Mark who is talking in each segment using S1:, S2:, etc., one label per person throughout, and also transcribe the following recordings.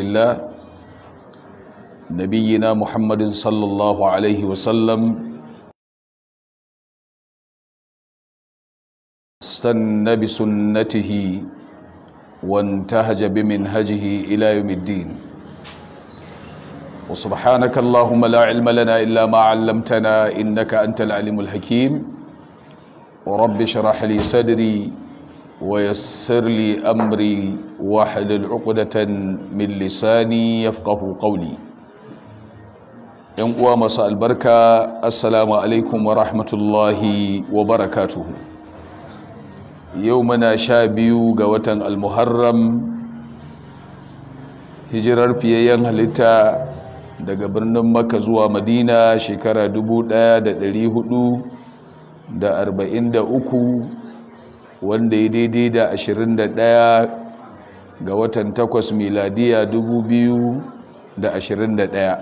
S1: لله نبينا محمد صلى الله عليه وسلم استنى بسنته وانتهج بمنهجه إلى يوم الدين وسبحانك اللهم لا علم لنا إلا ما علمتنا إنك أنت العلم الحكيم ورب شرح لي صدري ويسر لي أمري واحلل عقدة من لساني يفقه قولي ينقوى مساء البركة السلام عليكم ورحمة الله وبركاته يومنا شابيو قوة المحرم hijirar fiyayyen halitta daga birnin maka zuwa madina shekara 1443 wanda ya daidai da 21 ga watan 8 miladiya 2021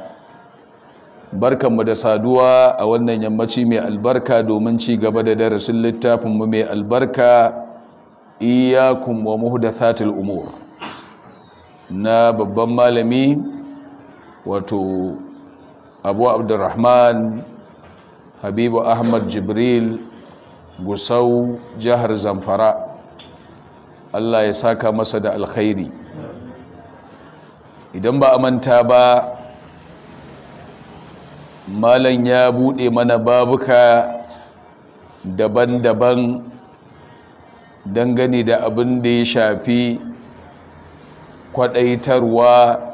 S1: barkanmu da saduwa a wannan yammaci mai albarka domin ci gaba da darasin littafinmu mai albarka iyakun wa muhdathatil umur na babban malami wato abu abdurrahman habibu ahmad jibril gusau jihar zamfara allah ya saka masa da alkhairi idan ba a manta ba malan ya buɗe mana babuka daban-daban dangane da abin da ya shafi kwaɗaitarwa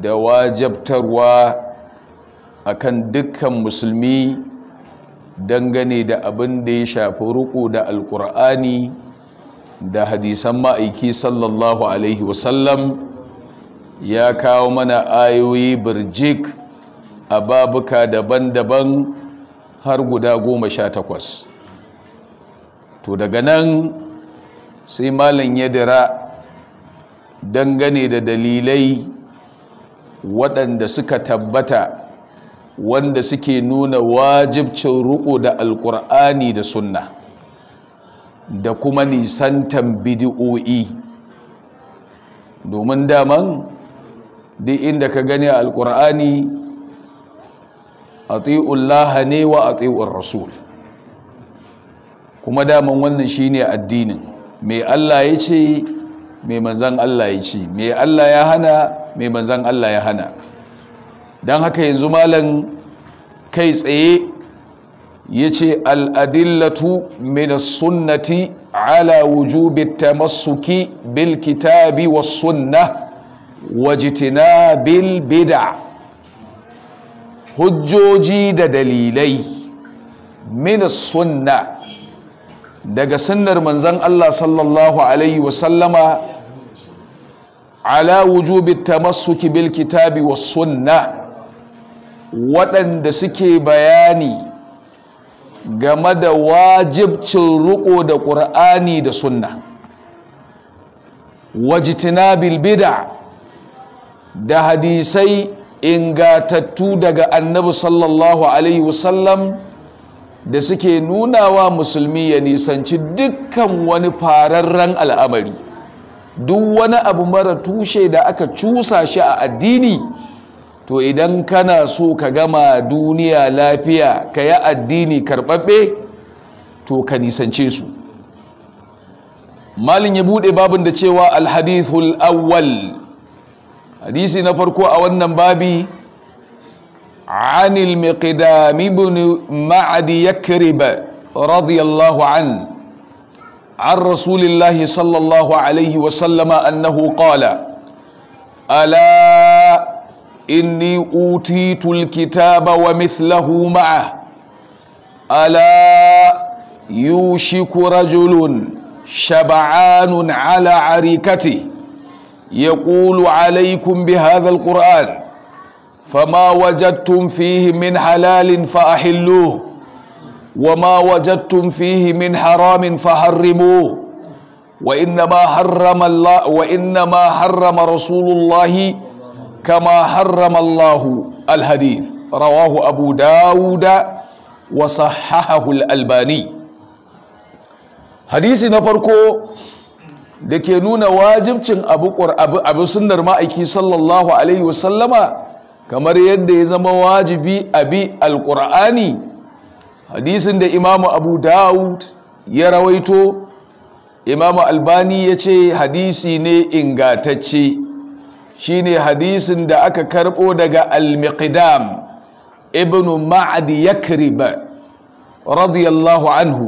S1: da wajabtarwa akan dukkan musulmi dangane da abin da ya shafi ruku da alkur'ani da hadisan ma'aiki sallallahu alaihi wasallam ya kawo mana ayoyi birjik a babuka daban-daban har guda goma sha takwas to daga nan sai malam ya dira dangane da dalilai waɗanda suka tabbata wanda suke nuna wajibcin ruku da alkur'ani da sunna da kuma nisantan bidi'o'i domin daman duk inda ka gani a alkur'ani a laha ne wa a tsi'un rasul kuma daman wannan shine addinin mai allah ya ce mai manzan allah ya ce mai allah ya hana mai manzan allah ya hana don haka yanzu malam kai tsaye ya ce al'adillatu min sunnati ala wujubi tamassuki bil kitabi wa sunna wajitina bil bida hujjoji da dalilai min sunna daga sunnar manzon Allah sallallahu Alaihi ala wujubi tamassuki bil kitabi wa sunna waɗanda suke bayani game da wajibcin ruko da ƙur'ani da sunna wajitina bid'a da hadisai ingatattu daga annabi sallallahu alaihi wasallam da suke nuna wa musulmi ya nisanci dukkan wani fararren al'amari duk wani abu mara tushe da aka cusa shi a addini to idan kana so ka gama duniya lafiya ka yi addini karɓaɓɓe to ka nisance su malin ya buɗe babin da cewa alhadithul awwal hadisi na farko a wannan babi anil miqdam ibn ma'ad yakrib radiyallahu an عن رسول الله صلى الله عليه وسلم أنه إني أوتيت الكتاب ومثله معه ألا يوشك رجل شبعان على عريكته يقول عليكم بهذا القرآن فما وجدتم فيه من حلال فأحلوه وما وجدتم فيه من حرام فحرموه وإنما حرم الله وإنما حرم رسول الله كما حرم الله الحديث wa أبو داود وصححه الألباني حديثي نفركو da ke nuna wajibcin abu sunnar ma'aiki sallallahu alaihi wasallama kamar yadda ya zama wajibi abi alkur'ani hadisin da Imam abu dawud ya rawaito imamu albani ya ce hadisi ne ingatacce Shi ne hadisin da aka karbo daga al-miqdam Ma'adi ya yakrib radiyallahu anhu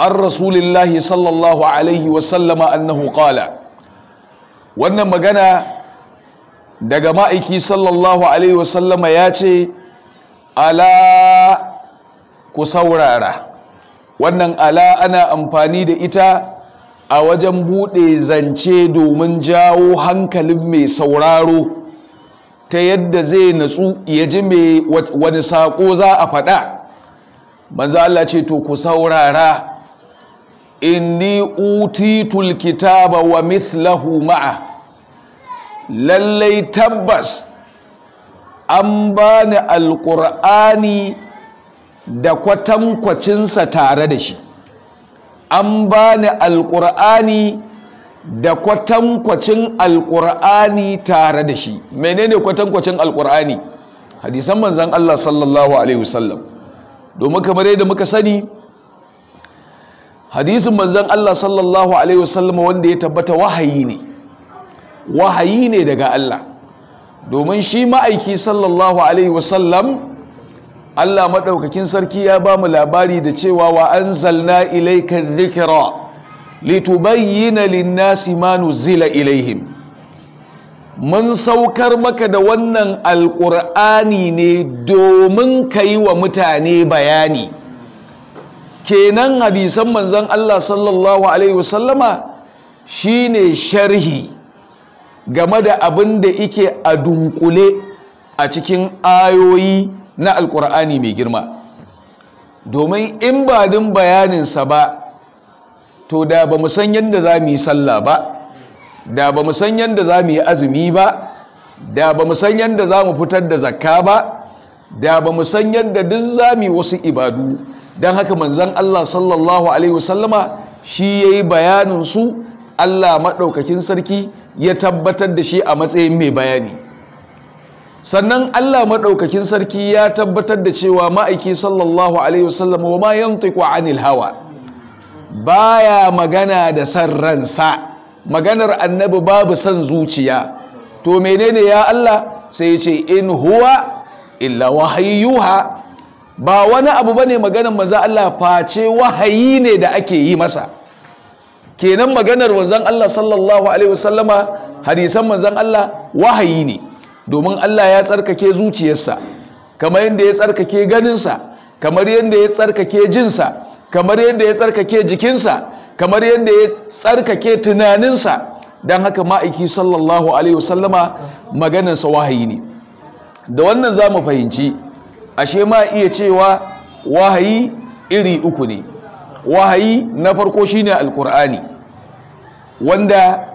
S1: an rasulillahi sallallahu alaihi wasallama annahu qala wannan magana daga ma'aiki sallallahu alaihi wasallama ya ce ala ku saurara wannan ala ana amfani da ita a wajen buɗe zance domin jawo hankalin mai sauraro ta yadda zai natsu ya ji mai wani saƙo za a faɗa manzo Allah ce to ku saurara inni utitul kitaba wa mithlahu ma'a lallai tabbas an bani alƙur'ani da kwatankwacinsa tare da shi an bani alƙur'ani da kwatankwacin alƙur'ani tare da shi menene kwatankwacin alƙur'ani hadisan manzan Allah sallallahu alaihi wasallam domin kamar yadda muka sani hadisin manzan Allah sallallahu alaihi wasallam wanda ya tabbata wahayi ne wahayi ne daga Allah domin shi ma'aiki sallallahu alaihi wasallam Allah maɗaukakin sarki ya ba mu labari da cewa wa anzalna ilayka dhikra litubayyana lin ma nuzila ilaihim mun saukar maka da wannan alƙur'ani ne domin ka yi wa mutane bayani kenan hadisan manzon Allah sallallahu alaihi wasallama shine sharhi game da abin da yake a dunkule a cikin ayoyi na alkur'ani mai girma domin in ba din bayaninsa ba to da ba mu san yadda za mu yi sallah ba da ba mu san yadda za mu yi azumi ba da ba mu san yadda za mu fitar da zakka ba da ba mu san yadda duk za mu wasu ibadu don haka manzan Allah sallallahu alaihi wasallama shi ya yi bayaninsu Allah maɗaukakin sarki ya tabbatar da shi a matsayin mai bayani sannan Allah maɗaukakin sarki ya tabbatar da cewa ma'aiki sallallahu alaihi wasallam wa ma yantiqu anil hawa baya magana da san ransa maganar annabi babu san zuciya to menene ya Allah sai ce in huwa illa wahayyuha ba wani abu bane maganar maza Allah face wahayi ne da ake yi masa kenan maganar manzon Allah sallallahu alaihi wasallama hadisan manzon Allah wahayi ne domin Allah ya tsarkake zuciyarsa kamar yadda ya tsarkake ganinsa kamar yadda ya tsarkake jinsa kamar yadda ya tsarkake jikinsa kamar yadda ya tsarkake tunaninsa don haka ma'aiki sallallahu alaihi wasallama maganarsa wahayi ne da wannan za mu fahimci ashe ma iya cewa wahayi iri uku ne wahayi na farko shine alkur'ani wanda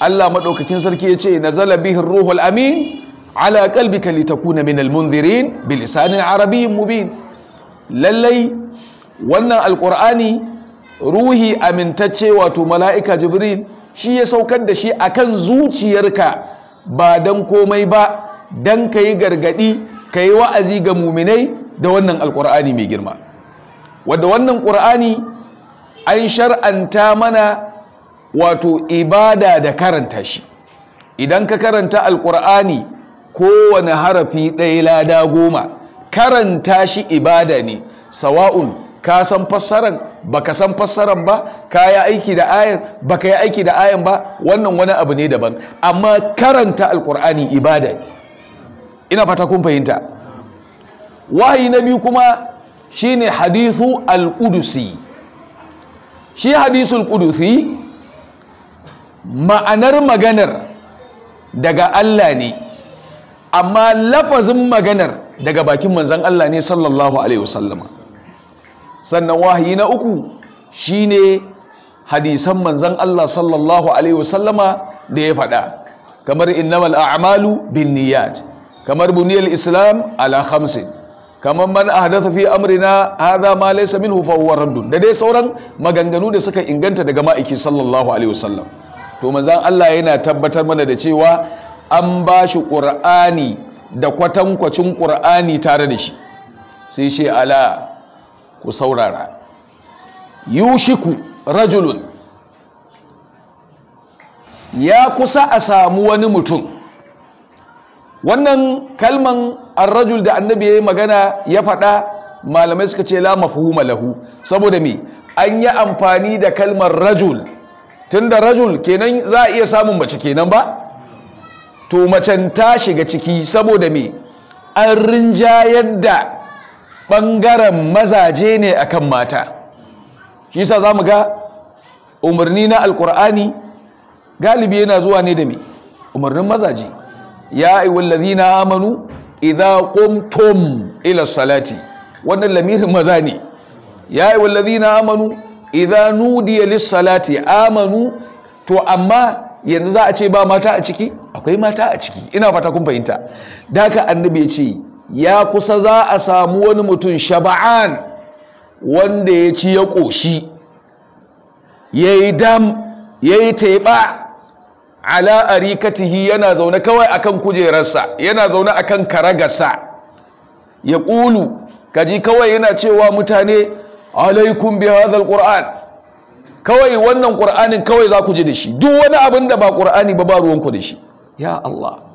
S1: Allah maɗaukakin sarki ya ce na zala ruhul amin ala qalbika litakuna minal munzirin bilisanin arabiyyin mubin lallai wannan alqur'ani ruhi amintacce wato mala'ika jibril shi ya saukar da shi akan zuciyarka ba dan komai ba dan kayi gargadi kai wa'azi ga muminai da wannan alqur'ani mai girma wanda wannan ƙur'ani an shar'anta mana wato ibada da karanta shi idan ka karanta alqur'ani kowane harafi ɗaya lada goma karanta shi ibada ne sawa'un ka san fassaran baka san fassaran ba ka yi aiki da ayan baka yi aiki da ayan ba wannan wani abu ne daban amma karanta alkur'ani ibada ne ina fata kun fahimta wahayi na biyu kuma shine hadithu al-qudusi shi hadisul qudusi ma'anar maganar daga Allah ne amma lafazin maganar daga bakin manzan Allah ne sallallahu alaihi wasallama sannan wahayi na uku shine hadisan manzan Allah sallallahu alaihi wasallama da ya faɗa kamar innamal a'malu niyyat kamar Buniyar islam ala hamsin kamar man ahdatha fi amrina hadha ma laysa minhu fa huwa raddun da dai sauran maganganu da suka inganta daga ma'aiki sallallahu alaihi wasallam to manzon Allah yana tabbatar mana da cewa an ba shi ƙur'ani da kwatankwacin ƙur'ani tare da shi sai ce ala ku saurara yushiku rajulun ya kusa a samu wani mutum wannan kalman arrajul da annabi ya yi magana ya faɗa malamai suka ce la mafhuma lahu saboda me an yi amfani da kalmar rajul tun da rajul kenan za a iya samun mace kenan ba to macen ta shiga ciki saboda me an rinjayar da ɓangaren mazaje ne akan mata shi yasa za mu ga umarni na alkur'ani galibi yana zuwa ne da me umarnin mazaje ya Ladina amanu idza qumtum ila salati wannan lamirin maza ne ya Ladina amanu idza nudiya lis salati amanu to amma yanzu za a ce ba mata a ciki akwai mata a ciki ina fata kun fahimta da annabi ya ce ya kusa za a samu wani mutum shaba'an wanda ya ci ya ƙoshi ya yi dam ya yi teɓa ala katihi yana zaune kawai akan kujerarsa yana zaune akan karagarsa ya ƙulu kaji kawai yana cewa mutane alaikum bi hadha alquran kawai wannan qur'anin kawai za ku ji da shi duk wani abin da ba qur'ani ba ba ruwanku da shi ya Allah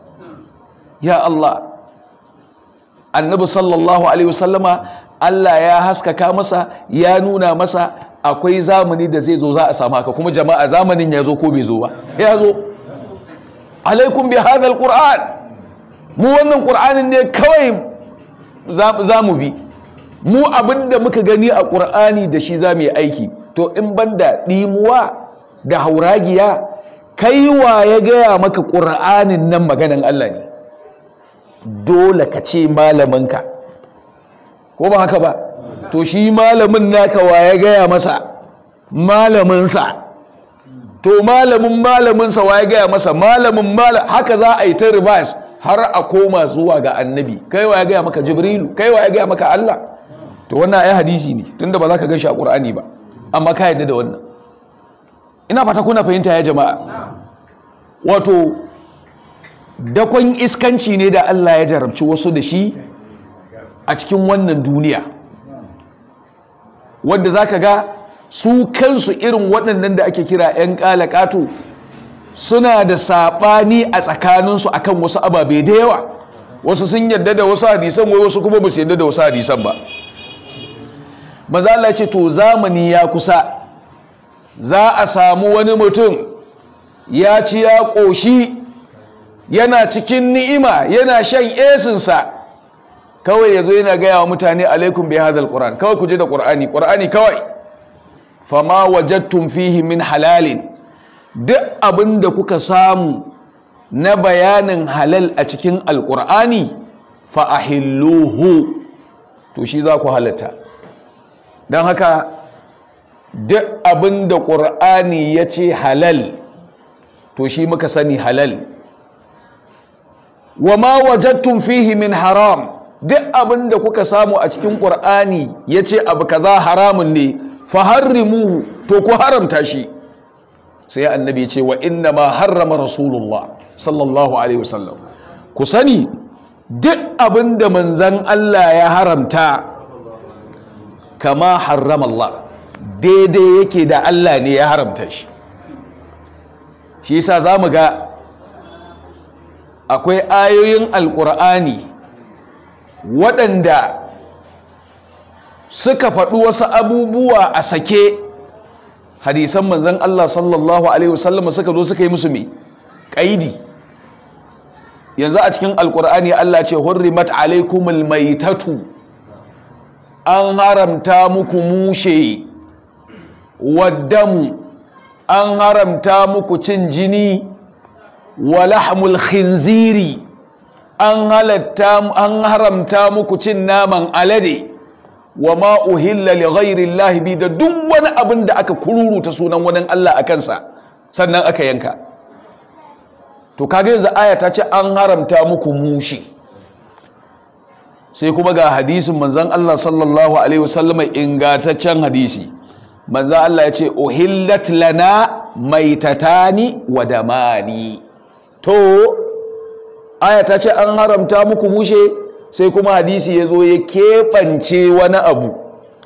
S1: ya Allah annabi sallallahu alaihi wasallama Allah ya haskaka masa ya nuna masa akwai zamani da zai zo za a samu haka kuma jama'a zamanin ya zo ko bai zo ba ya zo alaikum bi hadha alquran mu wannan qur'anin ne kawai za mu bi mu abinda muka gani a qur'ani da shi za mu yi aiki to in banda ɗimuwa da hauragiya kai wa ya gaya maka ƙura'anin nan maganin Allah ne dole ka ce malaminka ko ba haka ba to shi malamin naka wa ya gaya masa malaminsa to malamin malaminsa wa ya gaya masa malamin malam haka za a yi ta ribas har a koma zuwa ga annabi kai wa ya gaya maka jibrilu kai wa ya gaya maka Allah to wannan ai hadisi ne tunda ba za ka gan shi a ƙur'ani ba amma ka yadda da wannan ina fata kuna fahimta ya jama'a wato dakon iskanci ne da Allah ya jarabci wasu da shi a cikin wannan duniya wadda za ka ga su kansu irin waɗannan da ake kira 'yan ƙalaƙato suna da saɓani a tsakaninsu akan wasu ababe da yawa wasu sun yadda da wasu hadisan wai wasu kuma ba su yadda da wasu hadisan ba maza Allah ce to zamani ya kusa za a samu wani mutum ya ci ya ƙoshi yana cikin ni'ima yana shan esinsa kawai ya zo yana gaya wa mutane alaikum bai hadal ƙuran kawai ku je da Qur'ani. Qur'ani kawai fama wajen fihi min halalin duk abin da kuka samu na bayanin halal a cikin fa fa'ahilluhu to shi za ku halatta don haka duk abinda ƙur'ani ya ce halal to shi muka sani halal wa ma wajattun fihi min haram duk abin da kuka samu a cikin ƙur'ani ya ce abu kaza haramun ne faharrimuhu to ku haramta shi sai annabi ya ce wa inna ma harrama rasulullah sallallahu alaihi wasallam ku sani duk abin da manzan Allah ya haramta kama haram Allah daidai yake da Allah ne ya haramta shi shi yasa za mu ga akwai ayoyin alƙur'ani waɗanda suka faɗi wasu abubuwa a sake hadisan manzon Allah sallallahu Alaihi wasallam suka zo suka yi musu mai ƙaidi yanzu a cikin alƙur'ani Allah ce hurrimat alaikumul maitatu an haramta muku mushe waddamu an haramta muku cin jini wa lahmul khinziri an haramta muku cin naman alade wa ma uhilla li ghairi da duk wani abin da aka kururuta sunan wani Allah a kansa sannan aka yanka to kaga yanzu aya ta ce an haramta muku mushe. sai kuma ga hadisin manzan Allah sallallahu alaihi wasallama ingataccen hadisi manzan Allah ya ce uhillat lana mai ni wa damani to aya ta ce an haramta muku mushe sai kuma hadisi ya zo ya keɓance wani abu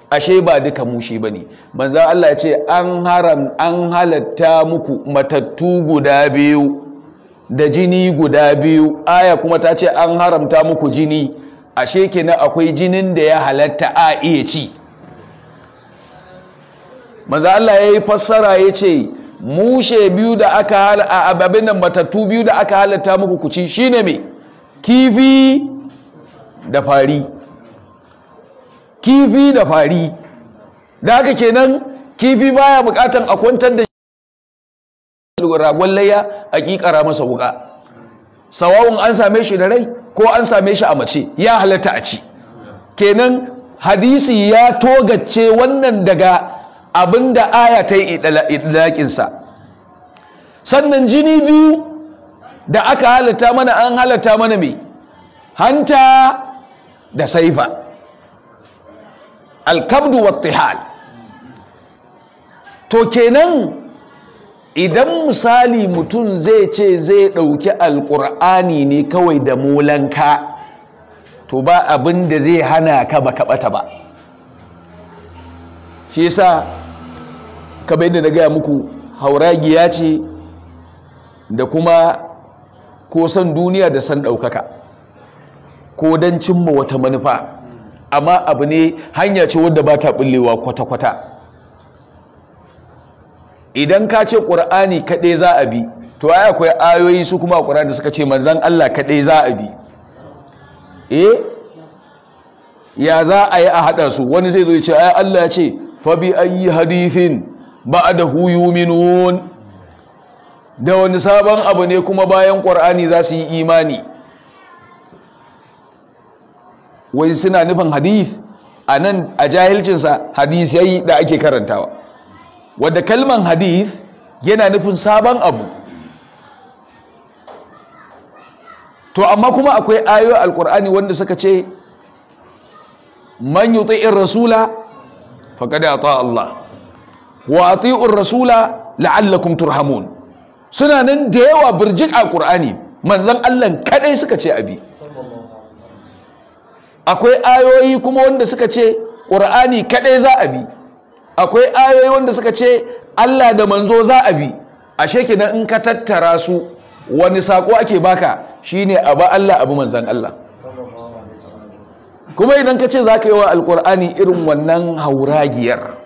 S1: ashe ba duka mushe ba ne manzan Allah ya ce an haram an halatta muku matattu guda biyu da jini guda biyu aya kuma ta ce an haramta muku jini ashe kenan akwai jinin da ya halatta a iya ci Maza Allah ya yi fassara ya ce mushe biyu da aka a ababin nan matattu biyu da aka halatta muku ku ci shine mai kifi da fari kifi da fari da haka kenan kifi baya bukatan a kwantar da ragon layya a ƙiƙara masa wuƙa. sawawun an same shi da rai ko an same shi a mace ya halatta a ci kenan hadisi ya togace wannan daga abinda aya ta yi idlaƙinsa sannan jini biyu da aka halatta mana an halatta mana mai hanta da saifa alkabdu tihal to kenan idan misali mutum zai ce zai ɗauki alƙur'ani ne kawai da molanka to ba abin da zai hana ka ba ɓata ba shi ka kamar yadda na gaya muku hauragiya ce da kuma ko san duniya da san ɗaukaka ko don cimma wata manufa amma abu ne hanya ce wadda ba ta ɓullewa kwata-kwata idan ka ce ƙur'ani kaɗai za a bi to ai akwai ayoyi su kuma ƙur'ani da suka ce manzan Allah kaɗai za a bi eh ya za a yi a haɗa su wani zai zo ya ce ai Allah ya ce fa bi ayi hadithin ba'dahu yu'minun da wani sabon abu ne kuma bayan ƙur'ani za su yi imani wai suna nufin hadith a nan a jahilcinsa hadisai da ake karantawa wadda kalman hadith yana nufin sabon abu to amma kuma akwai ayoyi alkur'ani wanda suka ce man ta'in rasula faqad ta'a Allah wa ta'in rasula la'allakum turhamun suna nan da yawa birjik alkur'ani manzon Allah kaɗai suka ce abi akwai ayoyi kuma wanda suka ce ƙur'ani kaɗai za a bi akwai ayoyi wanda suka ce Allah da manzo za a bi a shekina in ka tattara su wani sako ake baka shine a ba Allah abu manzan Allah kuma idan ka ce za ka yi wa alkur'ani irin wannan hauragiyar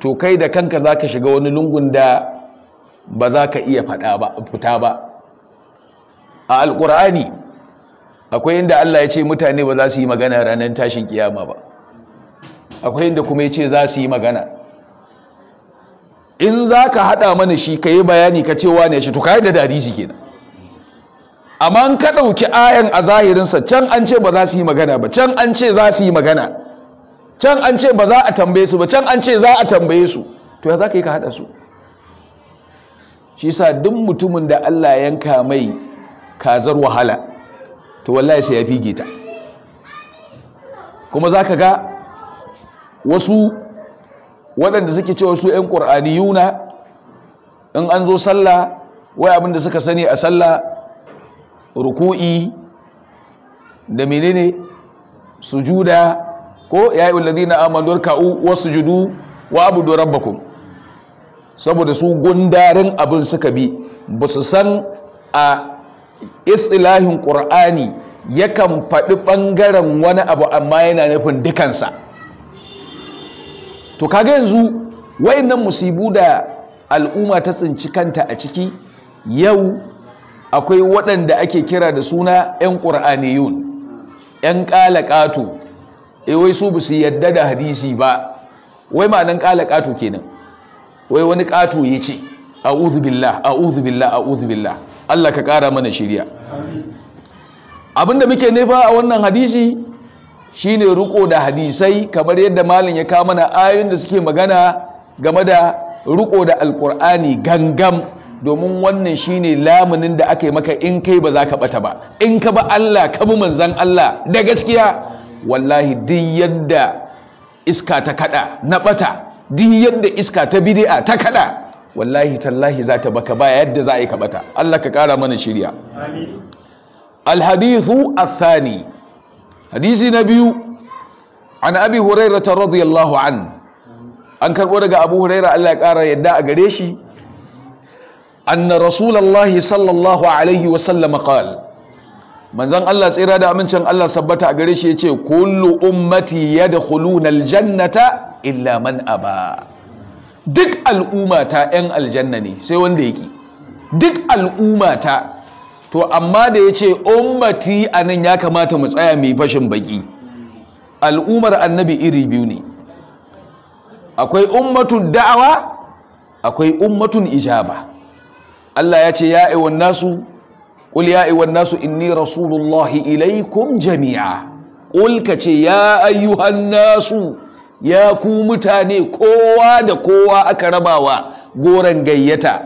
S1: to kai da kanka za ka shiga wani lungun da ba za ka iya fita ba a alkur'ani akwai inda Allah ya ce mutane ba za su yi magana ranar tashin kiyama ba akwai inda kuma ya ce za su yi magana in za ka haɗa mana shi ka yi bayani ka cewa ne shi to da dariji kenan amma an ka ɗauki ayan a zahirinsa can an ce ba za su yi magana ba can an ce za su yi magana can an ce ba za a tambaye su ba can an ce za a tambaye su to ya za ka yi ka haɗa su shi sa duk mutumin da Allah yanka mai kazar wahala to wallahi sai ya fige ta kuma za ka ga wasu waɗanda suke cewa su 'yan yuna in an zo sallah wai abinda suka sani a sallah ruku'i da menene sujuda ko ya yi wulazi na amalar ka'u wasu judu wa abu abudu rabbakum saboda su gundarin abin suka bi ba su san a istilahin ƙur'ani yakan faɗi ɓangaren wani abu amma yana nufin dukansa to kaga yanzu wayannan musibu da al'umma ta tsinci kanta a ciki yau akwai waɗanda ake kira da suna 'yan ƙur'aniyun 'yan ƙalaƙato e eh, wai su ba su yadda da hadisi ba wai ma ma'anan ƙalaƙato kenan wai wani ƙato ya ce a'udhu billah a'udhu billah billah Allah ka ƙara mana shirya abinda muke nefa a wannan hadisi shine riko da hadisai kamar yadda malin ya kawo mana ayoyin da suke magana game da riko da alkur'ani gangam domin wannan shine lamunin da aka yi maka in kai ba za ka bata ba in ka ba Allah ka bi manzan Allah da gaskiya wallahi duk yadda iska ta kada na bata duk yadda iska ta bid'a ta kada wallahi tallahi za ta baka ba yadda za a yi ka bata Allah ka kara mana shirya amin alhadithu athani hadisi na biyu an abi hurairah radiyallahu an an karbo daga abu hurairah Allah ya kara yadda a gare shi anna rasulullahi sallallahu alaihi wa sallam qala manzon Allah tsira da amincin Allah sabbata a gare shi yace kullu ummati yadkhuluna aljannata illa man aba duk al'umma ta yan aljanna ne sai wanda yake duk al'umma ta to amma da ya ce ummati a nan ya kamata mu tsaya mai fashin baki al'ummar annabi iri biyu ne akwai ummatun da'awa akwai ummatun ijaba Allah ya ce ya iwan nasu ƙul ya iwan nasu inni rasulullahi ilaikum jami'a ƙul ka ce ya ayyuhan nasu ya ku mutane kowa da kowa aka rabawa goron gayyata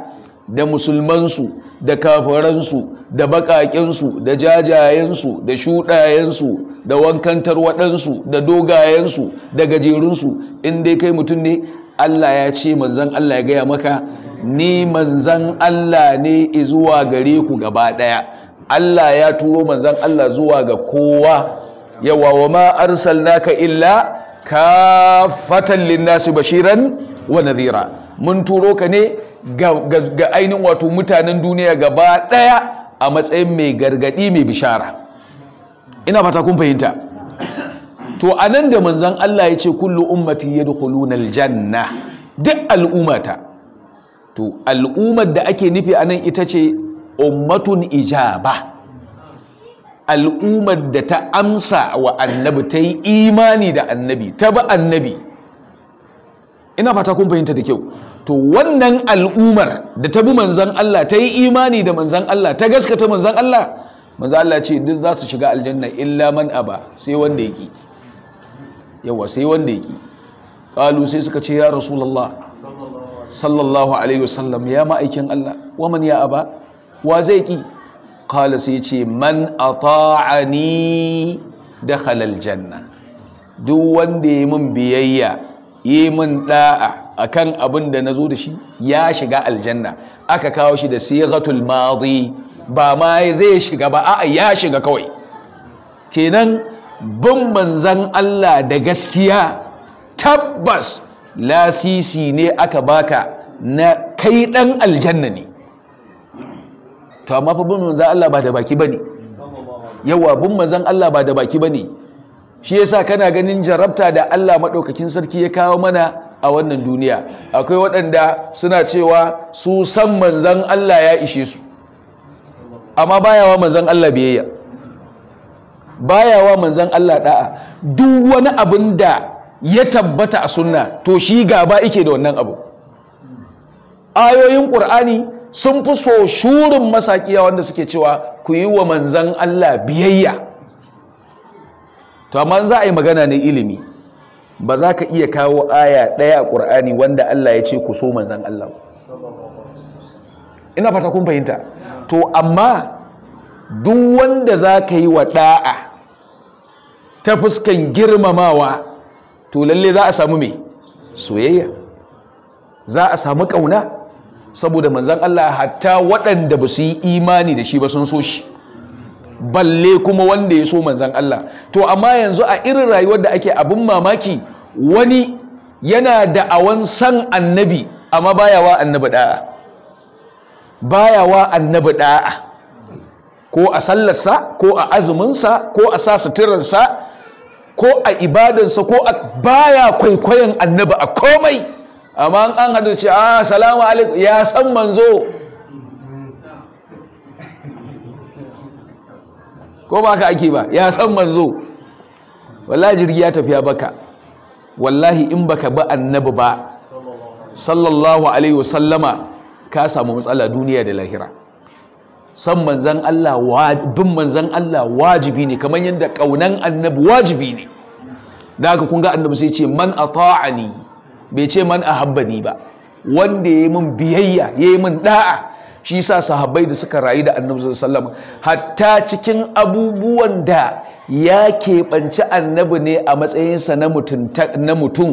S1: da musulmansu da kafiransu da bakak'insu, da jajayensu da shuɗayensu da wankantar waɗansu da dogayensu da gajerunsu in dai kai mutum ne Allah ya ce manzan Allah ya gaya maka ni manzan Allah ne zuwa gare ku gaba ɗaya Allah ya turo manzan Allah zuwa ga kowa yawa wa ma arsalnaka illa Ka fatan linnasi bashiran wa nadhira mun turo ka ne ga ainihin wato mutanen duniya gaba ɗaya a matsayin mai gargadi mai bishara ina fata kun fahimta to anan da manzon Allah ya ce kullu ummati yadkhuluna aljanna duk al'ummata to al'ummar da ake nufi anan ita ce ummatun ijaba al'ummar da ta amsa wa annabi ta yi imani da annabi ta bi annabi ina fata kun fahimta da kyau to wannan al'umar da ta bi manzan Allah ta yi imani da manzan Allah ta gaskata manzan Allah manzan Allah ce duk za su shiga aljanna illa man aba sai wanda yake yawa sai wanda yake qalu sai suka ce ya rasulullah sallallahu alaihi wasallam ya ma'aikin Allah wa man ya aba wa zai ki qala sai ce man ata'ani dakhala aljanna duk wanda yi min biyayya yi min da'a akan abin da na zo da shi ya shiga aljanna aka kawo shi da sigatul madi ba ma zai shiga ba a'a ya shiga kawai kenan bin manzan Allah da gaskiya tabbas lasisi ne aka baka na kai dan aljanna ne to amma fa bin manzan Allah ba da baki bane yawa bin manzan Allah ba da baki bane shi yasa kana ganin jarabta da Allah madaukakin sarki ya kawo mana a wannan duniya akwai waɗanda suna cewa su san manzan Allah ya ishe su amma bayawa manzan Allah biyayya bayawa manzan Allah da'a duk wani abin da ya tabbata a sunna to shi gaba ike da wannan abu ayoyin ƙur'ani sun fi so shurin masakiya wanda suke cewa ku yi wa manzan Allah biyayya to amma za a yi magana ne ilimi ba za ka iya kawo aya ɗaya a ƙur'ani wanda Allah ya ce ku so manzan Allah ina fata kun fahimta to amma duk wanda za ka yi wa ɗa'a ta fuskan girmamawa to lalle za a samu mai soyayya za a samu ƙauna saboda manzan Allah hatta waɗanda ba su yi imani da shi ba sun so shi balle kuma wanda ya so manzan Allah to amma yanzu a irin rayuwar da ake abin mamaki wani yana da awan san annabi amma baya wa annabi da'a baya wa annabi da'a ko a sallarsa ko a azuminsa ko a sa suturarsa ko a ibadansa ko a baya kwaikwayon annabi a komai amma an haɗu ce a ah, salamu alaikum ya san manzo ko ba ka ake ba ya san manzo wallahi jirgi ya tafiya baka wallahi in baka ba annabi ba sallallahu alaihi wasallama ka samu matsala duniya da lahira san manzan Allah bin manzon Allah wajibi ne kamar yadda kaunan annabi wajibi ne da haka kun ga annabi sai ce man ata'ani bai ce man ahabbani ba wanda yayi min biyayya yayi min da'a shi yasa sahabbai da suka rayu da annabi sallallahu hatta cikin abubuwan da ya keɓanci annabi ne a matsayinsa na mutum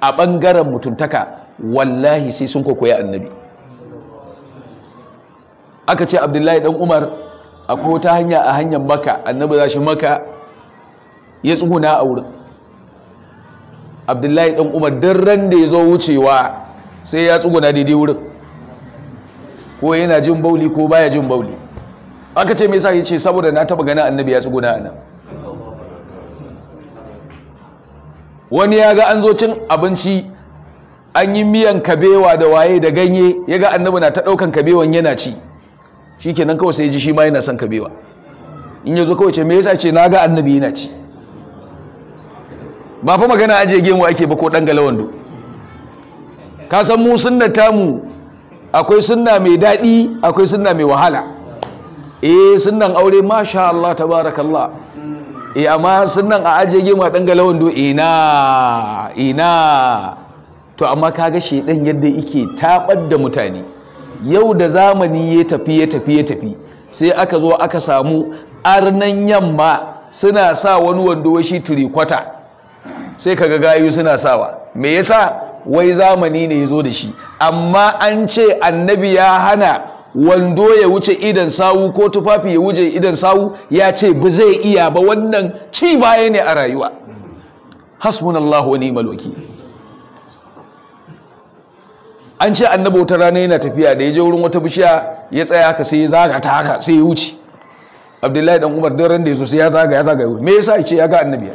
S1: a bangaren mutuntaka wallahi sai sun kokoya annabi aka ce abdullahi dan umar akwai wata hanya a hanyar maka annabi za shi maka ya tsuguna a wurin abdullahi dan umar duk ran da ya zo wucewa sai ya tsuguna daidai wurin ko yana jin bauli ko baya jin bauli aka ce me yasa yace saboda na taba ganin annabi ya tsuguna anan wani ya ga an zo cin abinci an yi miyan kabewa da waye da ganye ya ga annabi na ta ɗaukan kabewan yana ci shi kawai sai ji shi ma yana son kabewa in ya zo kawai ce me yasa ce na ga annabi yana ci ba fa magana ajiye gemu ake ba ko ɗan galawando ka san mu sunan da tamu akwai sunna mai daɗi akwai sunna mai wahala eh sunnan aure masha Allah tabarakallah eh amma sunnan a ajiye gima dan galawan do ina ina to amma kaga dan yadda yake tabar da mutane yau da zamani ya tafi ya tafi ya tafi sai aka zo aka samu arnan yamma suna sa wani wando shi turikwata sai kaga gayu suna sawa me yasa wai zamani ne ya zo da shi amma an ce annabi ya hana wando ya wuce idan sawu ko tufafi ya wuce idan sawu ya ce ba zai iya ba wannan ci baya ne a rayuwa hasbunallahu wa ni'mal wakil an ce annabi wata rana yana tafiya da ya je wurin wata bishiya ya tsaya haka sai ya zaga ta haka sai ya wuce abdullahi dan umar don ran da ya so sai ya zaga ya zaga me yasa ya ce ya ga annabi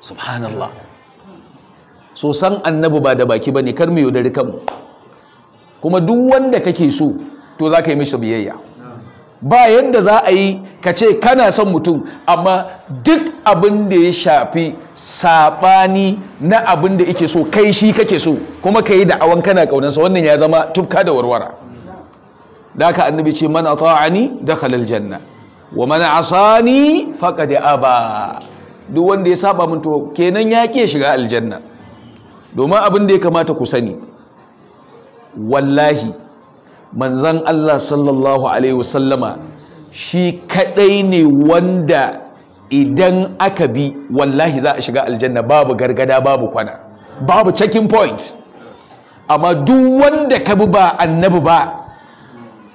S1: subhanallah so san annabi ba da baki bane kar mu yaudari kanmu kuma duk wanda kake so to za ka yi mishi biyayya ba yadda za a yi ka ce kana son mutum amma duk abin da ya shafi saɓani na abin da yake so kai shi kake so kuma ka yi da'awan kana ƙaunansa wannan ya zama tufka da warwara da ka annabi ce mana ta'ani da halal janna. wa mana asani faqad aba duk wanda ya saba min to kenan ya ƙi shiga aljanna domin abin da ya kamata ku sani wallahi manzan Allah sallallahu alaihi wasallama shi kadai ne wanda idan aka bi wallahi za a shiga aljanna babu gargada babu kwana babu checking point amma duk wanda ka bi ba annabi ba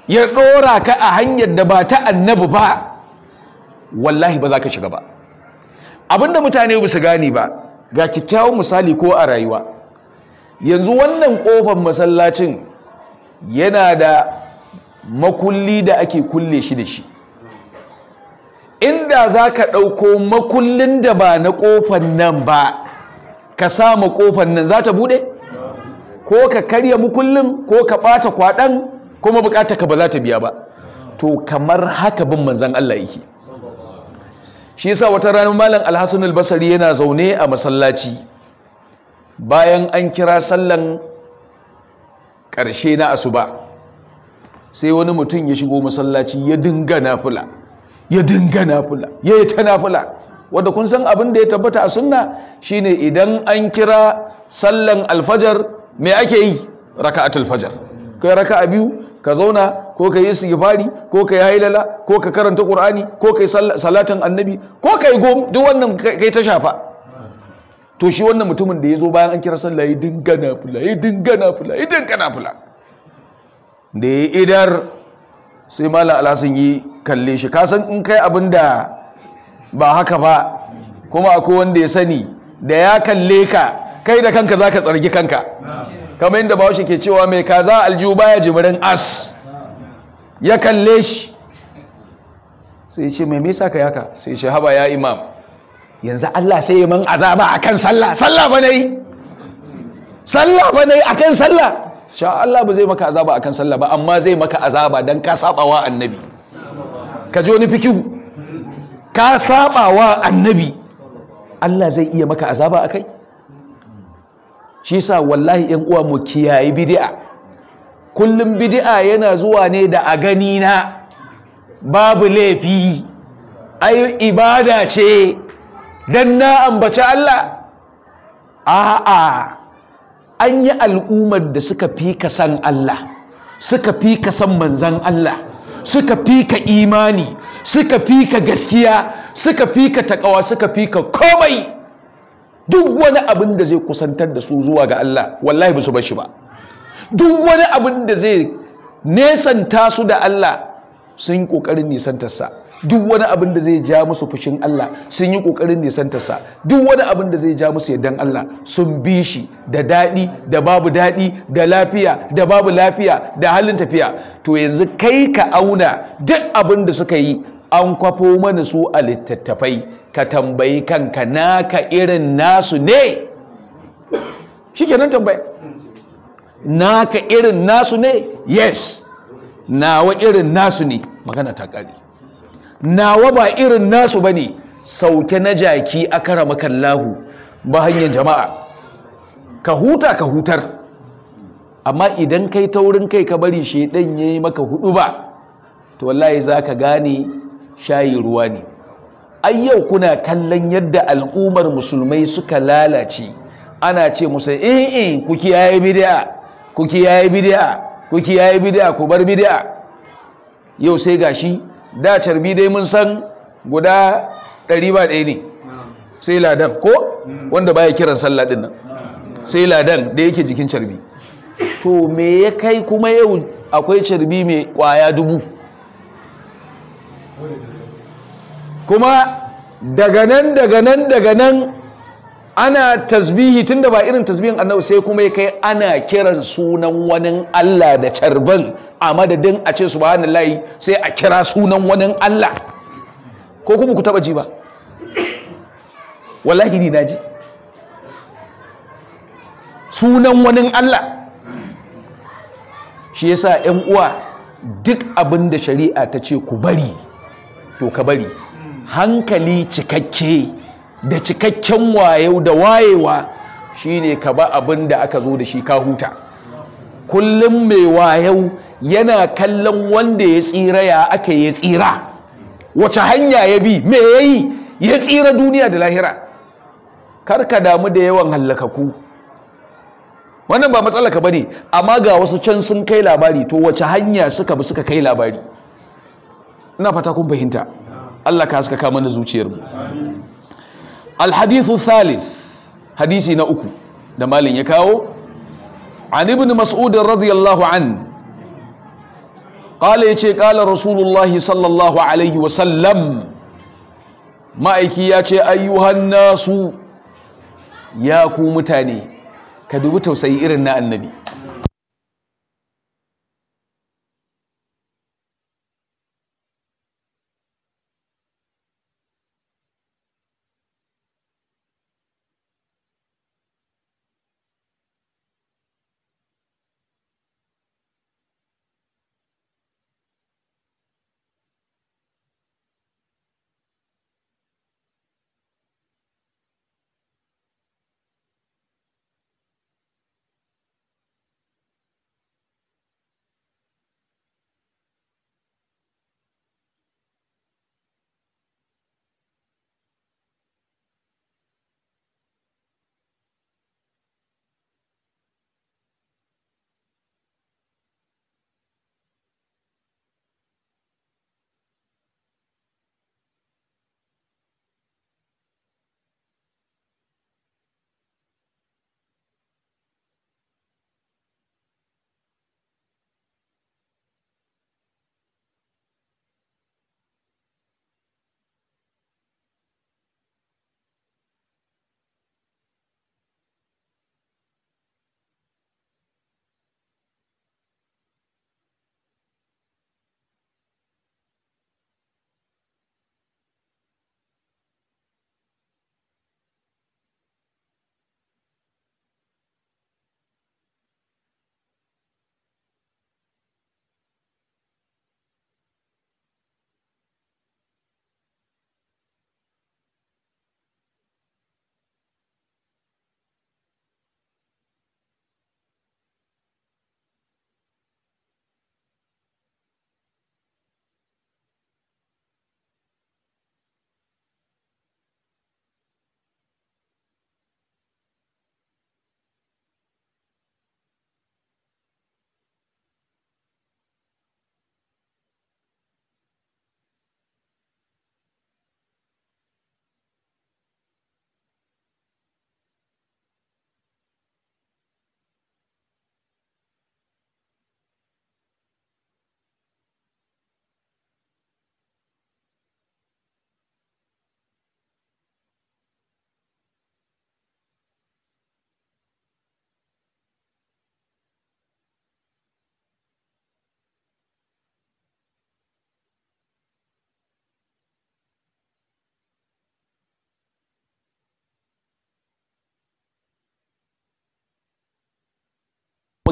S1: ya ɗora ka a hanyar da ba ta annabi ba wallahi ba za ka shiga ba abinda mutane ba su gane ba ga kyakkyawan misali ko a rayuwa yanzu wannan kofar masallacin yana da makulli da ake kulle shi da shi inda za ka ɗauko makullin da ba na ƙofar nan ba ka sama ƙofar nan za ta buɗe ko ka karya makullin? ko ka ɓata kwaɗan kuma bukata ka ba za ta biya ba to kamar haka bin manzan Allah yake shi yasa wata ranar malam alhassan albasari yana zaune a masallaci bayan an kira sallan ƙarshe na asuba sai wani mutum ya shigo masallaci ya dinga nafula ya dinga nafula ya yi ta nafula wadda kun san abin da ya tabbata a sunna shine idan an kira sallan alfajar me ake yi raka'atul fajar kai raka'a biyu ka zauna ko ka yi sigifari ko ka yi hailala ko ka karanta qur'ani ko ka yi salatin annabi ko ka yi gom duk wannan kai ta shafa to shi wannan mutumin da ya zo bayan an kira sallah ya dinga fula ya dinga fula ya dinga fula da ya idar sai malam sun yi kalle shi kasan in kai abin da ba haka ba kuma akwai wanda ya sani da ya kalle ka kai da kanka za ka tsargi kanka kamar yadda shi ke cewa mai kaza aljihu baya jimirin as ya kalle shi sai ce mai mesa ka yaka sai ce haba ya imam yanzu Allah sai ya man azaba akan sallah sallah ba nai? sallah ba a akan sallah sha Allah ba zai maka azaba akan sallah ba amma zai maka azaba don ka wa annabi ka ji wani fikihu ka wa annabi Allah zai iya maka azaba akai shi yasa wallahi yan uwa mu kiyayi bid'a kullum bid'a yana zuwa ne da a gani na babu laifi ai ibada ce dan na ambaci Allah a'a an yi al'ummar da suka fi ka san Allah suka fi ka san manzan Allah suka fi ka imani suka fi ka gaskiya suka fi ka takawa suka fi ka komai duk wani abin da zai kusantar da su zuwa ga Allah wallahi ba su bar shi ba duk wani abin da zai nesanta su da Allah sun yi ƙoƙarin nisantarsa duk wani abin da zai ja musu fushin Allah sun yi ƙoƙarin nisantarsa duk wani abin da zai ja musu yardan Allah sun bi shi da daɗi da babu daɗi da lafiya da babu lafiya da halin tafiya to yanzu kai ka auna duk abin da suka yi an kwafo mana su a littattafai ka tambayi kanka naka irin nasu ne shikenan tambaya naka irin nasu ne yes nawa irin nasu ne magana ta kare nawa ba irin nasu ba ne sauke na jaki a kara makallahu ba hanyar jama'a ka huta ka hutar amma idan kai taurin kai ka bari shi dan yi maka hudu ba to wallahi ka gane shayi ruwa ne ai yau kuna kallon yadda al'ummar musulmai suka lalace ana ce musa in in ku kiyaye bidiya ku kiyaye bid'a ku kiyaye bid'a ku bar bid'a yau sai gashi da carbi dai mun san guda ɗari ba ne sai ladan ko wanda baya kiran sallah din nan sai ladan da yake jikin carbi to me ya kai kuma yau akwai carbi mai kwaya dubu kuma daga nan daga nan daga nan ana tasbihi tunda ba irin tasbihin annabi sai kuma kai ana kiran sunan wani Allah da carban a madadin a ce subhanallahi sai a kira sunan wani Allah ko kuma ku taba ji ba wallahi ni naji sunan wani Allah shi yasa ƴan uwa duk abin da shari'a ta ce ku bari to ka bari hankali cikakke da cikakken wayau da wayewa shine ka ba abin da aka zo da shi ka huta kullum mai wayau yana kallon wanda ya tsira ya aka ya tsira wace hanya ya bi me ya yi ya tsira duniya da lahira kar ka damu da yawan hallakaku wannan ba matsala ba ne amma ga wasu can sun kai labari to wace hanya suka bi suka kai labari ina fata kun fahimta Allah ka haskaka mana zuciyarmu alhadithu thalith hadisi na uku da malin ya kawo an ibn mas'ud radiyallahu an qala yace qala rasulullahi sallallahu alaihi wa sallam ma'aiki yace ayyuhan nasu ya ku mutane ka dubi tausayi irin na annabi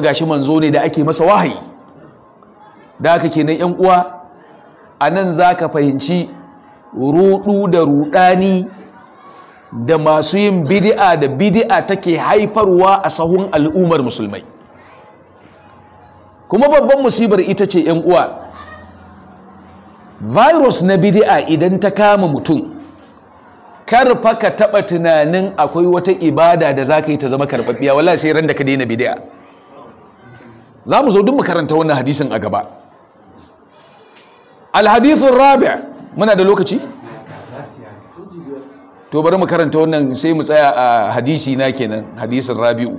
S1: kuma gashi manzo ne da ake masa wahayi da haka kenan yan uwa a nan za ka fahimci rudu da rudani da masu yin bid'a da bid'a take haifarwa a sahun al'ummar musulmai kuma babban musibar ita ce yan uwa virus na bidi'a idan ta kama mutum kar fa ka taɓa tunanin akwai wata ibada da za ka yi ta zama karfafiya wala sai ran da ka daina bidi'a. za mu zo duk makaranta wannan hadisin a gaba alhadisun rabia muna da lokaci? to bari mu karanta wannan sai mu tsaya a hadisi na kenan hadisin rabi'u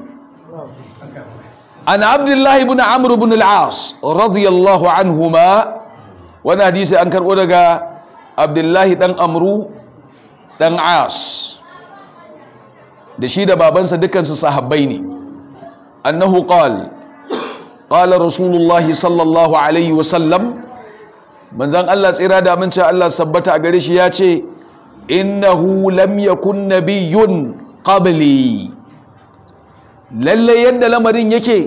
S1: an abdullahi bin amr bin al-as radiyallahu ma Wani hadisi an karɓo daga abdullahi ɗan amru ɗan as da shi da babansa dukansu sahabbai ne annahu qala qala rasulullahi sallallahu alaihi wasallam manzon Allah tsira da amincin Allah sabbata a gare shi ya ce innahu lam kunna biyun qabli Lallai yadda lamarin yake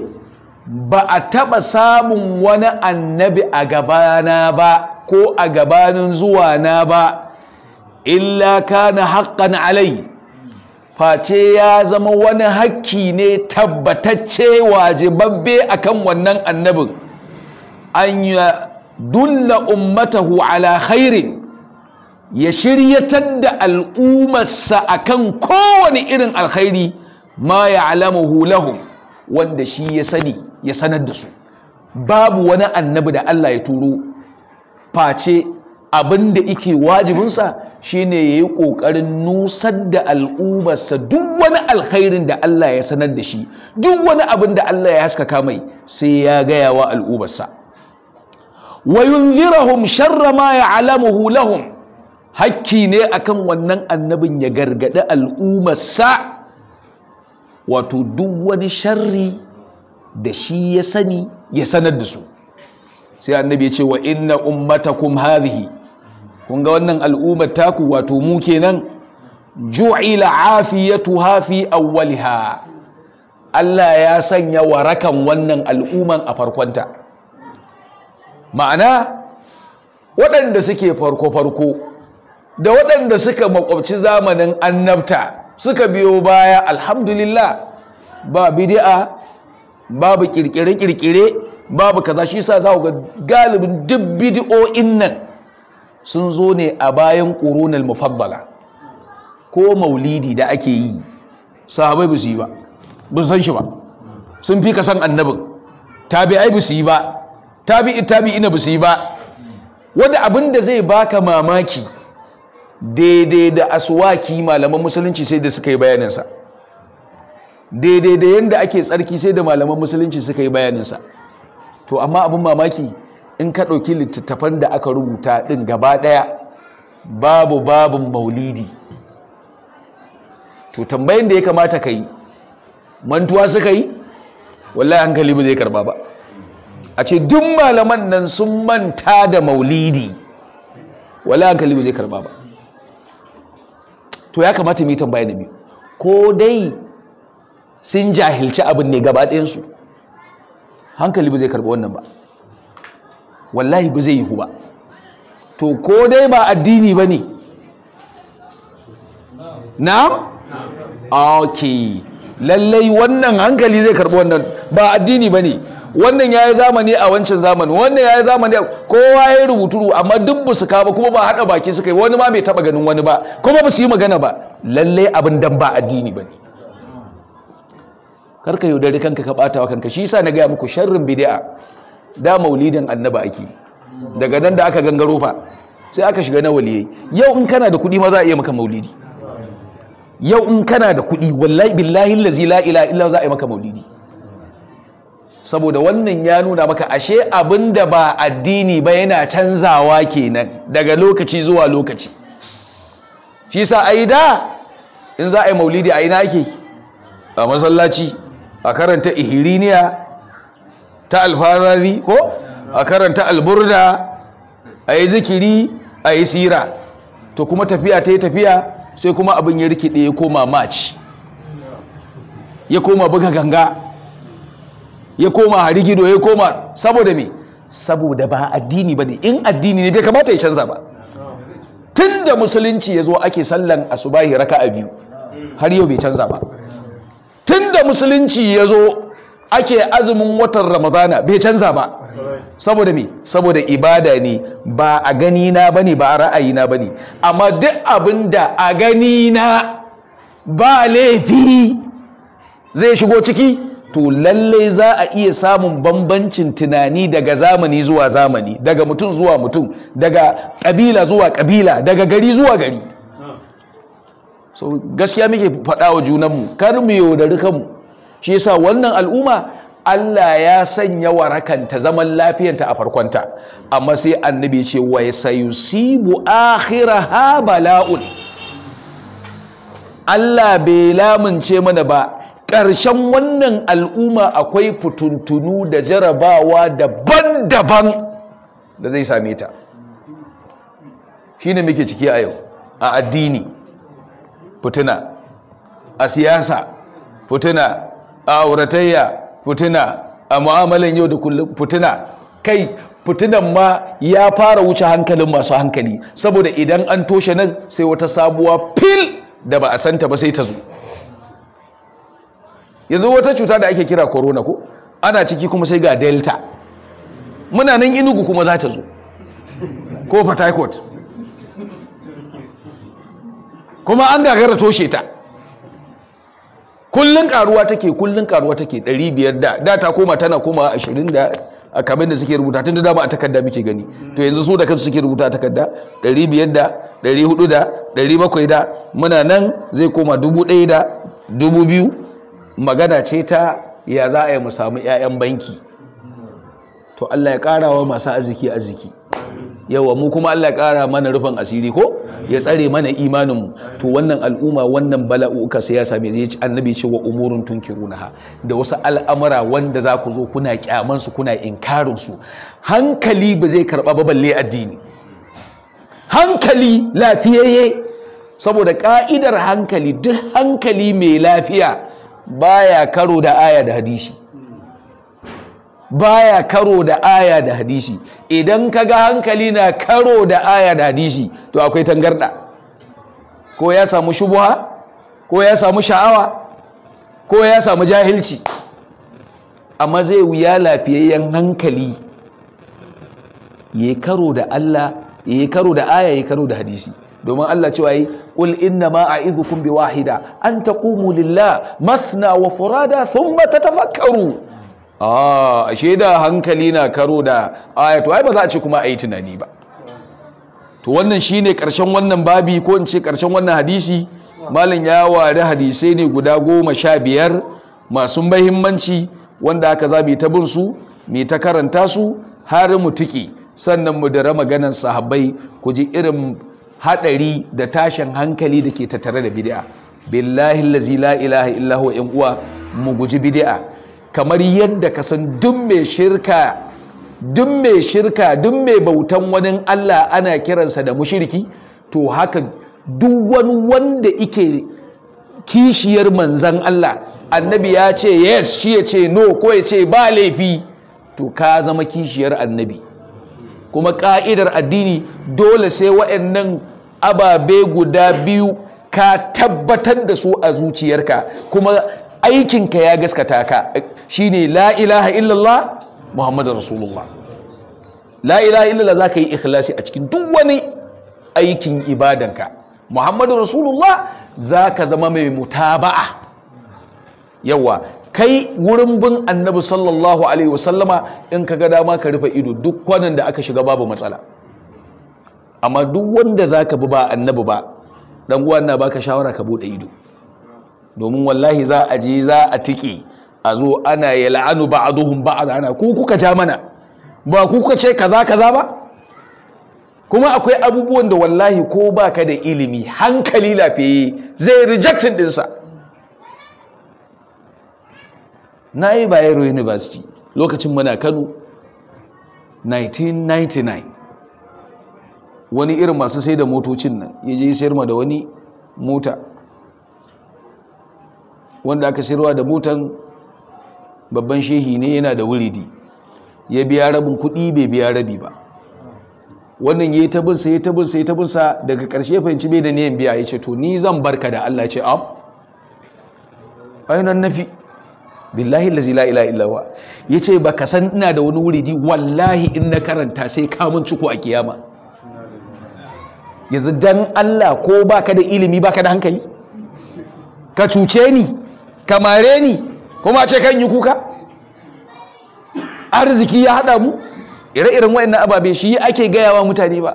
S1: ba a taɓa samun wani annabi a gabana ba ko a gabanin zuwa na ba illa kana haƙƙan alai face ya zama wani hakki ne tabbatacce wajibabbe kan wannan annabin an ya dulla ummatahu ala khairin ya shiryatar da al'ummarsa kan kowane irin alkhairi ma ya alamuhu lahum wanda shi ya sani ya sanar da su babu wani annabi da Allah ya turo face abinda da wajibinsa shine yayi ƙoƙarin nusar da al'ummarsa duk wani alkhairin da Allah ya sanar da shi duk wani abin da Allah ya haskaka mai sai ya gaya wa al'ummarsa wa yunzirahum sharra ma ya'lamuhu lahum hakki ne akan wannan annabin ya gargadi al'ummarsa wato duk wani sharri da shi ya sani ya sanar da su sai annabi ya ce wa inna ummatakum hadhihi kun ga wannan al'ummar taku wato mu kenan ju'ila afiyatuha fi awwaliha Allah ya sanya warakan wannan al'umman a farkonta ma'ana waɗanda suke farko-farko da waɗanda suka makwabci zamanin annabta suka biyo baya alhamdulillah ba bidi'a babu kirkire-kirkire babu kaza shi sa za ga galibin duk bidi'o'in nan sun zo ne a bayan ƙorunar Mufabbala ko maulidi da ake yi sahabai ba su yi ba ba san shi ba sun fi kasan annabin tabi'ai ba su yi ba tabi'i tabi'ina ba su yi ba wadda abin da zai baka mamaki daidai da aswaki malaman musulunci sai da suka yi bayaninsa daidai da yadda ake tsarki sai da malaman musulunci suka yi bayaninsa to amma abin mamaki in ka ɗauki littattafan da aka rubuta ɗin gaba ɗaya babu babin maulidi to tambayin da ya kamata ka yi mantuwa suka yi wallahi hankali ba zai karba ba a ce duk malaman nan sun manta da maulidi wallahi hankali ba zai karba ba to ya kamata mu yi tambaya da biyu ko dai sun jahilci abin ne gaba ɗayansu hankali ba zai karba wannan ba wallahi ba zai yi ba to ko dai ba addini ba ne na? ok lallai wannan hankali zai karbi wannan ba addini ba ne wannan ya yi zamani a wancan zamani wannan ya yi zamani kowa ya yi rubutu amma duk ba su kama kuma ba haɗa baki suka yi wani ma bai taɓa ganin wani ba kuma ba su yi magana ba lallai abin dan ba addini ba ne karka yaudari kanka ka ɓata wa kanka shi yasa na gaya muku sharrin bidi'a da maulidin annaba ake daga nan da aka gangaro fa sai aka shiga na waliyai yau in kana da kuɗi ma za a iya maka maulidi yau in kana da kuɗi wallahi billahi lazi la ilaha illa za a yi maka maulidi saboda wannan ya nuna maka ashe abinda ba addini ba yana canzawa kenan daga lokaci zuwa lokaci shi sa ai da in za a yi maulidi a ina ake a masallaci a karanta ihiriniya ta alfazazi ko a karanta alburda a yi zikiri a yi tsira. to kuma tafiya ta yi tafiya sai kuma abin ya rikide ya koma maci ya koma buga ganga ya koma harigido ya koma saboda me saboda ba addini ba ne in addini ne bai kamata ya canza ba tun da musulunci ya zo ake sallan asubahi raka a biyu har yau bai canza ba tun da musulunci ya zo ake azumin watan ramadana bai canza ba saboda me saboda ibada ne ba a gani na bane ba a ra'ayi na bane amma duk abin da a gani na ba laifi zai shigo ciki to lalle za a iya samun bambancin tunani daga zamani zuwa zamani daga mutum zuwa mutum daga ƙabila zuwa ƙabila daga gari zuwa gari so gaskiya muke faɗa wa junanmu kar mu yaudari kanmu shi yasa wannan al'umma Allah ya sanya warakanta zaman lafiyanta a farkonta amma sai annabi ce wa sayusibu akhiraha bala'un Allah bai lamunce mana ba ƙarshen wannan al'umma akwai fituntunu da jarabawa daban-daban da zai same ta shine muke ciki a yau a addini fituna a siyasa fituna a auratayya fitina a mu'amalan yau da kullum fitina kai fitinan ma ya fara wuce hankalin masu hankali saboda idan an toshe nan sai wata sabuwa fil da ba a santa ba sai ta zo yanzu wata cuta da ake kira corona ko ana ciki kuma sai ga delta muna nan inugu kuma za ta zo ko fatakot kuma an gagara toshe ta kullun karuwa take kullun karuwa take 500 da da ta koma tana koma 20 da a kamar da suke rubuta tun da dama a takarda muke gani to yanzu su da kansu suke rubuta takarda 500 da 400 da 700 da muna nan zai koma 1000 da 2000 magana ce ta ya za a yi mu samu 'ya'yan banki to Allah ya ƙara wa masu arziki arziki yawa mu kuma Allah ya ƙara mana rufin asiri ko ya tsare mana imanin mu to wannan al'umma wannan bala'uka sai ya sami ya annabi, annabi ce wa umurun tunkirunaha da wasu al'amura wanda za ku zo kuna kyaman su kuna inkarin su hankali ba zai karba ba balle addini hankali lafiyayye saboda ka'idar hankali duk hankali mai lafiya baya karo da aya da hadisi baya karo da aya da hadisi idan ka ga hankali na karo da aya da hadisi to akwai tangarda ko ya samu shubuwa, ko ya samu sha'awa ko ya samu jahilci amma zai wuya lafiyayyen hankali ya karo da Allah ya karo da aya ya karo da hadisi domin Allah cewa yi ƙul inna ma a izukun bi wahida an taƙumu lillah masna wa furada mata tafakkaru. a ah, ashe da hankali na karo da ayatu ai ba za a ce kuma ayi tunani ba to wannan shi ne karshen wannan babi ko in ce karshen wannan hadisi malam ya ware hadisai ne guda goma sha biyar masu mahimmanci wanda aka zabi ta bin su mai ta karanta su har mu tuki sannan mu dara maganar sahabbai ku ji irin hadari da tashin hankali da ke tattare da bid'a billahi allazi la ilaha illa huwa yan uwa mu guji bidi'a. kamar yadda ka san duk mai shirka duk mai shirka duk mai bautan wani Allah ana kiransa da mushirki to haka duk wani wanda ike kishiyar manzan Allah annabi ya ce yes shi ya ce no ko ya ce ba laifi to ka zama kishiyar annabi kuma ka'idar addini dole sai wa'annan ababe guda biyu ka tabbatar da su a zuciyarka kuma aikinka ya gaskata ka shine la ilaha illallah muhammadu rasulullah la ilaha illallah zaka yi ikhlasi a cikin duk wani aikin ibadanka muhammadu rasulullah zaka zama mai mutaba'a yawa kai wurin bin annabi sallallahu alaihi wasallama in ka ga dama ka rufe ido duk kwanan da aka shiga babu matsala amma duk wanda zaka bi ba annabi ba dan uwa na baka shawara ka bude ido domin wallahi za a je za a tike a zo ana ya la'anu ba ba a ana ku kuka ja mana ba ku kuka ce kaza kaza ba kuma akwai abubuwan da wallahi ko ba ka da ilimi hankali lafiye zai rejectin dinsa na yi bayero university lokacin muna kano 1999 wani irin masu sai da motocin nan ya je sayar ma da wani mota wanda aka sayarwa da motan babban shehi ne yana da wuridi ya biya rabin kuɗi bai biya rabi ba wannan ya yi tabinsa ya tabinsa ya tabinsa daga ƙarshe fahimci bai da niyan biya ya ce to ni zan barka da Allah ce am ainihin nafi billahi lazi la ila illawa ya ce ba ka san ina da wani wuridi wallahi in na karanta sai kamun ciko a kiyama yanzu dan Allah ko baka da ilimi baka da hankali ka cuce ni ka mare ni kuma ce kan yi kuka arziki ya haɗa mu ire-iren wa'annan ababe shi ake gayawa mutane ba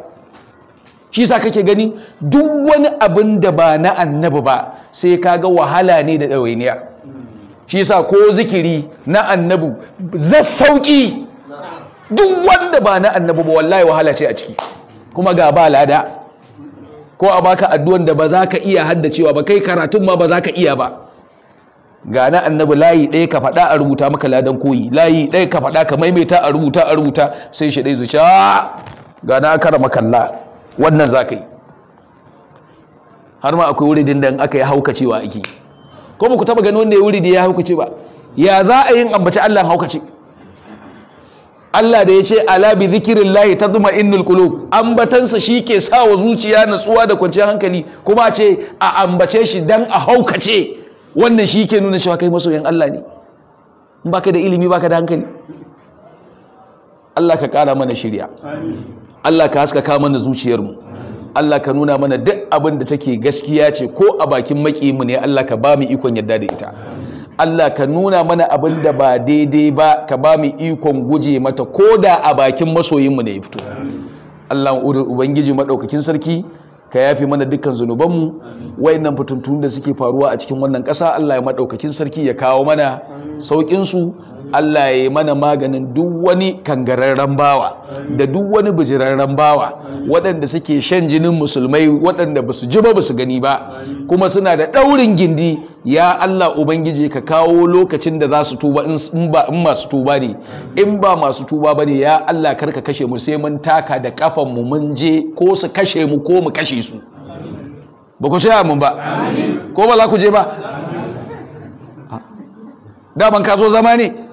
S1: shi sa kake gani duk wani abin da ba na annabi ba sai ka ga wahala ne da ɗawainiya shi sa ko zikiri na annabi za sauƙi duk wanda ba na annabi ba wallahi wahala ce a ciki kuma ga ba lada ko a baka addu'an da ba za ka iya haddacewa ba kai karatun ma ba za ka iya ba ga na annabi layi ɗaya ka faɗa a rubuta maka ladan koyi layi ɗaya ka faɗa ka maimaita a rubuta a rubuta sai shi ɗaya zuci. a ah, gana aka rama kalla wannan za ka yi har ma akwai wuridin da aka yi haukacewa ake ko ba ku taɓa gani wanda ya wuri da ya haukace ba ya za a yin ambaci Allah haukace Allah da ya ce ala bi zuma tadma'innul qulub ambatansa shi ke sa wa zuciya natsuwa da kwanciyar hankali kuma ce a ambace shi dan a haukace wannan shi ke nuna cewa kai masoyin Allah ne in ka da ilimi ba ka da hankali Allah ka ƙara mana shirya Allah ka haskaka mana zuciyarmu Allah ka nuna mana duk abin da take gaskiya ce ko a bakin maƙimu ne Allah ka ba mu ikon yadda da ita Allah ka nuna mana abin da ba daidai ba ka ba mu ikon guje mata ko da a bakin masoyinmu ne ya fito Allah ubangiji maɗaukakin sarki ka yafi mana dukkan zunubanmu wayannan fitintun da suke faruwa a cikin wannan ƙasa Allah ya maɗaukakin sarki ya kawo mana sauƙinsu. su Allah ya yi mana maganin duk wani kangararren bawa da duk wani bijirarren bawa waɗanda suke shan jinin musulmai waɗanda ba su ji ba su gani ba kuma suna da ɗaurin gindi ya Allah Ubangiji ka kawo lokacin da za su tuba in ba masu tuba ne in ba masu tuba ba ya Allah karka kashe mu sai mun taka da mu mun je ko su kashe mu ko mu kashe su ba ku mun ba ko ba ku je ba daman ka zo zama ne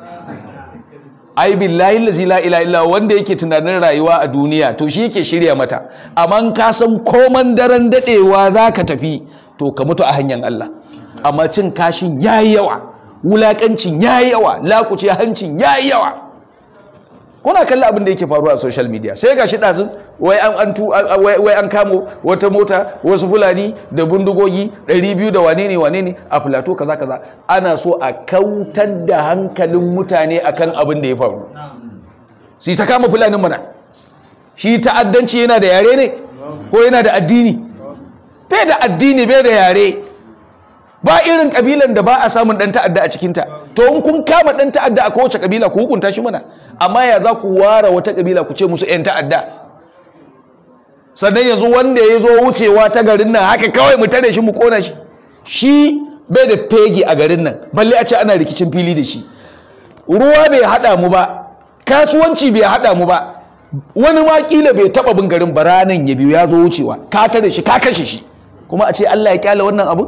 S1: ai billahi lazi la ila illa wanda yake tunanin rayuwa a duniya to shi yake shirya mata amma ka san koman daren dadewa zaka tafi to ka mutu a hanyar Allah amma cin kashin yayi yawa wulakancin yayi yawa lakuce hancin yayi yawa kuna kalli abin da yake faruwa a social media sai ga shi ɗazin wai an wai an kamo wata mota wasu fulani da bindigogi 200 da wane ne wane ne a plateau kaza kaza ana so a kautar da hankalin mutane akan abin da ya faru sai ta kama fulanin mana shi ta'addanci yana da yare ne ko yana da addini bai da addini bai da yare ba irin kabilan da ba a samun dan ta'adda a cikinta to in kun kama dan ta'adda a kowace kabila ku hukunta shi mana amma ya za ku ware wata kabila ku ce musu 'yan ta'adda sannan yanzu wanda ya zo wucewa ta garin nan haka kawai mu tare shi mu kona shi shi bai da fegi a garin nan balle a ce ana rikicin fili da shi ruwa bai haɗa mu ba kasuwanci bai haɗa mu ba wani ma kila bai taba bin garin ba ranan ya biyu ya zo wucewa ka tare shi ka kashe shi kuma a ce Allah ya kyale wannan abu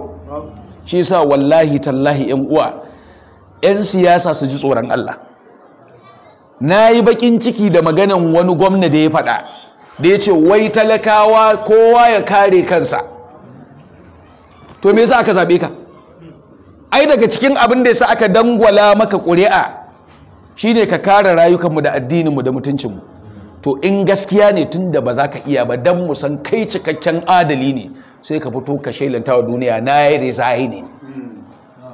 S1: shi yasa wallahi tallahi yan uwa yan siyasa su ji tsoron Allah na yi bakin ciki da maganan wani gwamna da ya faɗa da ya ce wai talakawa kowa ya kare kansa to me yasa aka zaɓe ka ai daga cikin abin da yasa aka dangwala maka ƙuri'a shine ka kare rayukanmu da addininmu da mutuncinmu to in gaskiya ne tunda da ba za ka iya ba dan mu san kai cikakken adali ne sai ka fito ka shelanta wa duniya na yi resign ne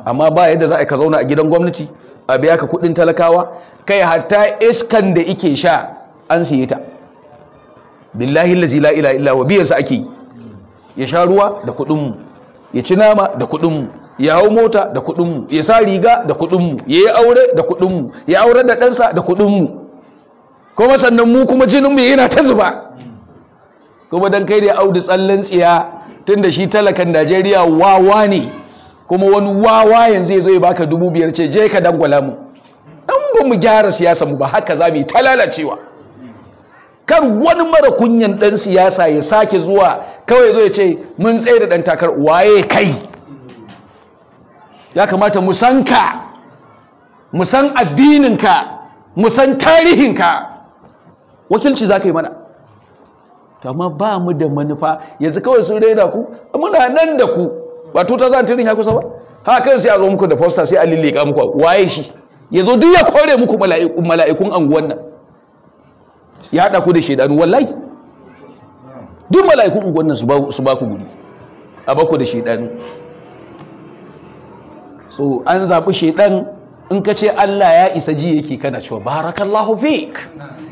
S1: amma ba yadda za a ka zauna a gidan gwamnati a biya ka kuɗin talakawa kai hatta iskan da ike sha an siye ta billahi lazi la ila illa wa biyansa ake yi ya sha ruwa da kuɗinmu ya ci nama da kuɗinmu ya hau mota da kuɗinmu ya sa riga da kuɗinmu ya yi aure da kuɗinmu ya aure da ɗansa da kuɗinmu kuma sannan mu kuma jinin jininmu yana ta zuba kuma dan kai da ya audu tsallen tsiya tun da shi talakan najeriya wawa ne kuma wani wawa yanzu ya zo ya baka dubu biyar ce je ka dangwala mu ɗan ba mu gyara siyasa mu ba haka za mu yi ta lalacewa kar wani mara kunyan ɗan siyasa ya sake zuwa kawai zo ya ce mun tsaye da dan takar waye kai ya kamata mu san ka mu san addininka mu san tarihinka wakilci za ka yi mana kama amma ba mu da manufa yanzu kawai sun raina ku muna nan da ku ba tuta tirin ya kusa ba haka sai a zo muku da fosta sai a lillika muku waye shi ya zo duk ya kore muku mala'ikun anguwan nan ya haɗa ku da shaidanu wallahi duk mala'ikun anguwan nan su ba ku guri a bako da shaidanu so an zaɓi shaidan in ka ce Allah ya isa ji yake kana cewa barakallahu fik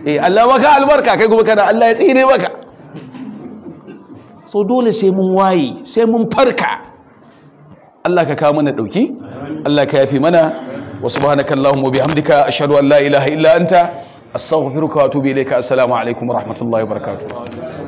S1: eh Allah maka albarka kai kuma kana Allah ya tsire maka so dole sai mun waye sai mun farka Allah ka kawo mana dauki Allah ka yafi mana wa subhanakallahumma bihamdika ashhadu an la ilaha illa anta astaghfiruka wa atubu ilayka assalamu alaikum wa rahmatullahi wa barakatuh